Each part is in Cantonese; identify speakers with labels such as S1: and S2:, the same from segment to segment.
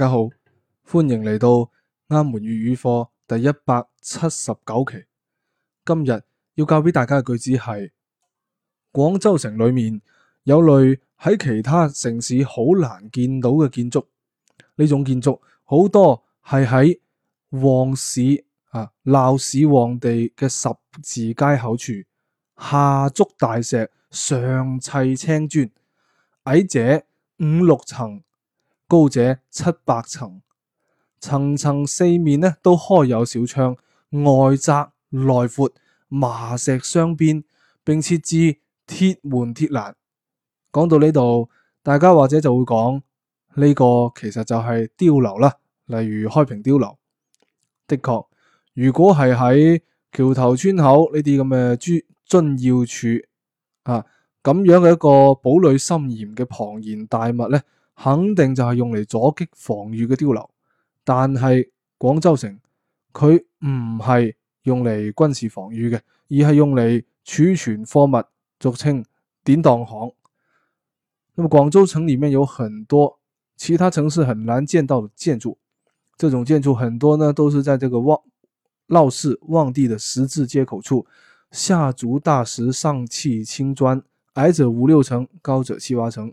S1: 大家好，歡迎嚟到阿門粵語課第一百七十九期。今日要教俾大家嘅句子係：廣州城裏面有類喺其他城市好難見到嘅建築，呢種建築好多係喺旺市啊鬧市旺地嘅十字街口處，下築大石，上砌青磚，矮者五六層。高者七八層，層層四面呢都開有小窗，外窄內闊，麻石鑲邊，並設置鐵門鐵欄。講到呢度，大家或者就會講呢、這個其實就係碉樓啦，例如開平碉樓。的確，如果係喺橋頭村口呢啲咁嘅津要處啊，咁樣嘅一個堡壘森嚴嘅龐然大物呢？肯定就係用嚟阻擊防禦嘅碉樓，但係廣州城佢唔係用嚟軍事防禦嘅，而係用嚟儲存貨物，俗稱典當行。咁廣州城裡面有很多其他城市很難見到嘅建築，這種建築很多呢，都是在呢個旺鬧市旺地嘅十字街口處，下築大石，上砌青磚，矮者五六層，高者七八層。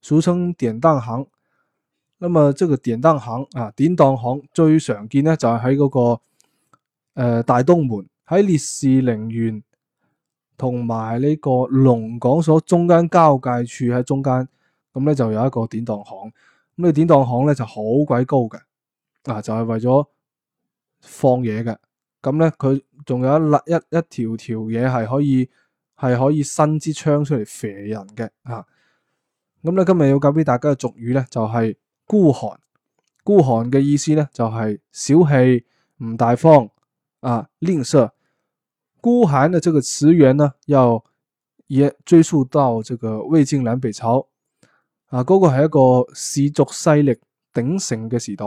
S1: 俗稱典當行，那麼這個典當行啊，典當行最常見呢就係喺嗰個誒大東門，喺烈士陵園同埋呢個龍港所中間交界處喺中間，咁咧就有一個典當行，咁呢典當行咧就好鬼高嘅，啊就係為咗放嘢嘅，咁咧佢仲有一一一條條嘢係可以係可以伸支槍出嚟射人嘅啊。咁咧，今日要教俾大家嘅俗語咧，就係孤寒。孤寒嘅意思咧，就係小氣唔大方啊，吝嗇。孤寒嘅這個詞源呢，又追追溯到這個魏晉南北朝啊。嗰、那個係一個氏族勢力鼎盛嘅時代。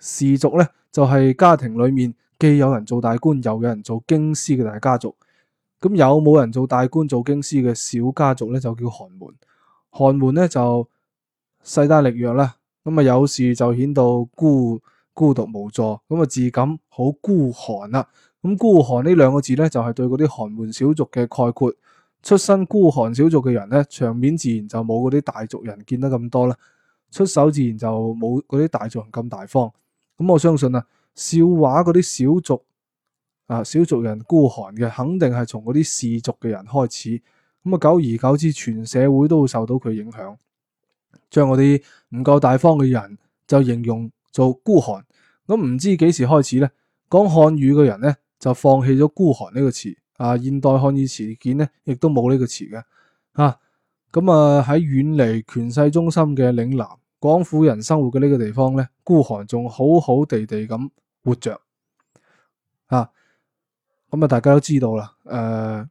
S1: 氏族咧就係、是、家庭裏面既有人做大官，又有人做京師嘅大家族。咁有冇人做大官做京師嘅小家族咧，就叫寒門。寒門呢就勢單力弱啦，咁啊有事就顯到孤孤獨無助，咁啊自感好孤寒啦。咁孤寒呢兩個字呢就係對嗰啲寒門小族嘅概括。出身孤寒小族嘅人呢，場面自然就冇嗰啲大族人見得咁多啦，出手自然就冇嗰啲大族人咁大方。咁我相信啊，笑話嗰啲小族啊小族人孤寒嘅，肯定係從嗰啲士族嘅人開始。咁啊，久而久之，全社會都會受到佢影響，將嗰啲唔夠大方嘅人就形容做孤寒。咁唔知幾時開始咧，講漢語嘅人咧就放棄咗孤寒呢個詞啊，現代漢語詞典咧亦都冇呢個詞嘅啊。咁啊，喺遠離權勢中心嘅嶺南廣府人生活嘅呢個地方咧，孤寒仲好好地地咁活着啊。咁啊，大家都知道啦，誒、呃。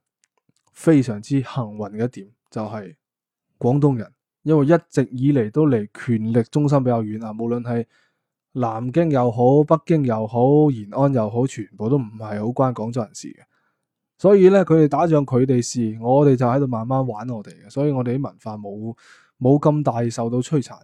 S1: 非常之幸運嘅一點就係廣東人，因為一直以嚟都離權力中心比較遠啊，無論係南京又好，北京又好，延安又好，全部都唔係好關廣州人事嘅。所以咧，佢哋打仗佢哋事，我哋就喺度慢慢玩我哋嘅，所以我哋啲文化冇冇咁大受到摧殘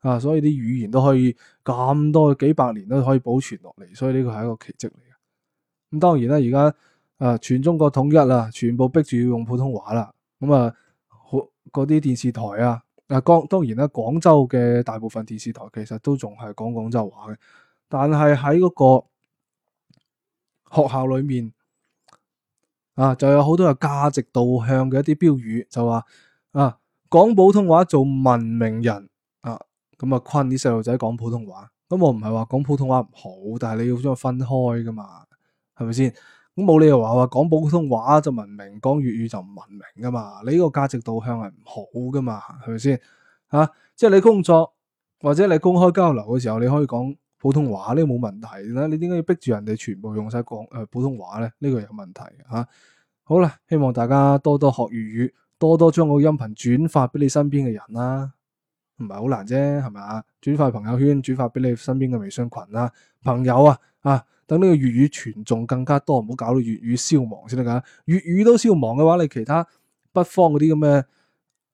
S1: 啊，所以啲語言都可以咁多幾百年都可以保存落嚟，所以呢個係一個奇蹟嚟嘅。咁當然啦，而家。啊！全中國統一啦、啊，全部逼住要用普通話啦。咁、嗯、啊，好嗰啲電視台啊，啊，當當然啦，廣州嘅大部分電視台其實都仲係講廣州話嘅，但係喺嗰個學校裏面啊，就有好多有價值導向嘅一啲標語，就話啊，講普通話做文明人啊，咁、嗯、啊，困啲細路仔講普通話。咁、嗯、我唔係話講普通話唔好，但係你要將佢分開噶嘛，係咪先？咁冇理由話話講普通話就文明，講粵語就唔文明噶嘛？你呢個價值導向係唔好噶嘛？係咪先？吓、啊，即係你工作或者你公開交流嘅時候，你可以講普通話，呢、這、冇、個、問題啦。你點解要逼住人哋全部用晒講誒普通話咧？呢、這個有問題啊！好啦，希望大家多多學粵語，多多將個音頻轉發俾你身邊嘅人啦、啊。唔係好難啫，係咪？轉發朋友圈，轉發俾你身邊嘅微信群啦、啊，朋友啊、啊。等呢個粵語傳頌更加多，唔好搞到粵語消亡先得㗎。粵語都消亡嘅話，你其他北方嗰啲咁嘅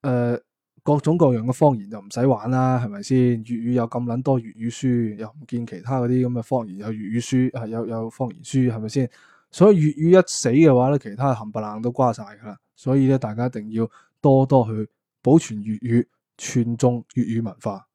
S1: 誒各種各樣嘅方言就唔使玩啦，係咪先？粵語有咁撚多粵語書，又唔見其他嗰啲咁嘅方言有粵語書，係有有方言書，係咪先？所以粵語一死嘅話咧，其他冚唪唥都瓜晒㗎啦。所以咧，大家一定要多多去保存粵語，傳頌粵語文化。